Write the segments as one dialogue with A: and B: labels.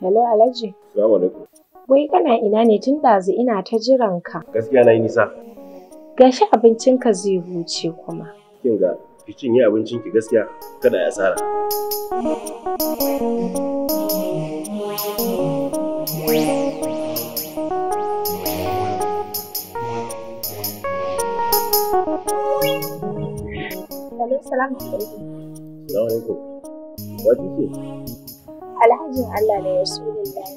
A: Hello Alhaji. Salamu alaikum. Wai kana ina ne tun ɗazu ina ta jiran ka.
B: Gaskiya na yi nisa.
A: Gashi abincinka zai huce kuma.
B: Kin ga kicin yi abincin ki gaskiya kada ya tsara.
A: Hello, salamu alaikum.
B: Salamu alaikum. What is
A: alhajin Allah da Rasulullahi.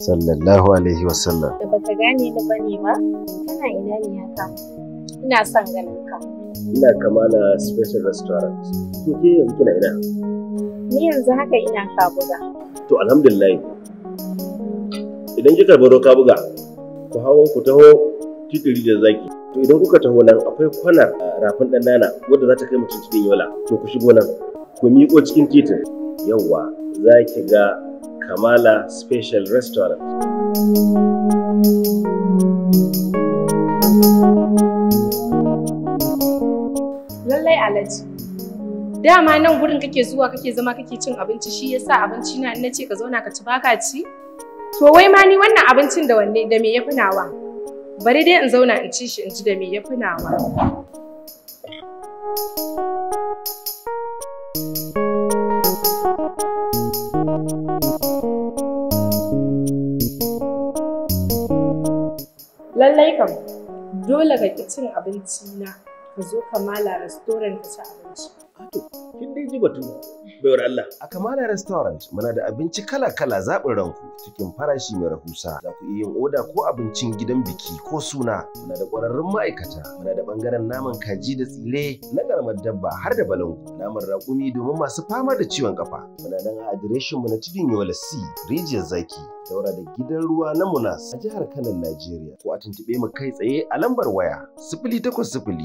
B: Sallallahu Alaihi Wasallam.
A: Da baka gane ni ba ne ma, kana ina ne haka? Ina son ganin ka.
B: Ina na special restaurant. To ke yanzu kina ina?
A: Ni yanzu haka ina kabuga.
B: To alhamdulillah. Idan kika baro kabuga, ku hawo ku taho titiri da zaki. To idan kuka taho nan akwai kwanar ah, rafin ɗan nana wadda za ta kai mutum cikin yola. To ku shigo nan. Ku miƙo cikin titin. Yawwa, za ki ga kamala special restaurant
A: lallai alaji dama nan gurin kake zuwa kake zama kake cin abinci shi yasa abinci na na ce ka zauna ka ci baka ci to wai ma ni wannan abincin da wanne da me ya nawa? bari dai in zauna in ci shi in ci da me ya nawa. Lallai kam, dole ka cin abinci na ka zo Kamala Restaurant ka ci abinci.
C: kin dai ji batu bayar Allah. A Kamala Restaurant muna da abinci kala-kala zaɓin ranku cikin farashi mai rahusa. Za ku iya yin oda ko abincin gidan biki ko suna. Muna da ƙwararrun ma'aikata, muna da ɓangaren naman kaji da tsile na ƙaramar dabba har da balangu, naman raƙumi domin masu fama da ciwon ƙafa. Muna nan a adireshin mu na cikin Yola C, Rijiyar Zaki, daura da gidan ruwa na Munas a jihar Kano, Najeriya. Ko a tuntuɓe mu kai tsaye a lambar waya sifili takwas sifili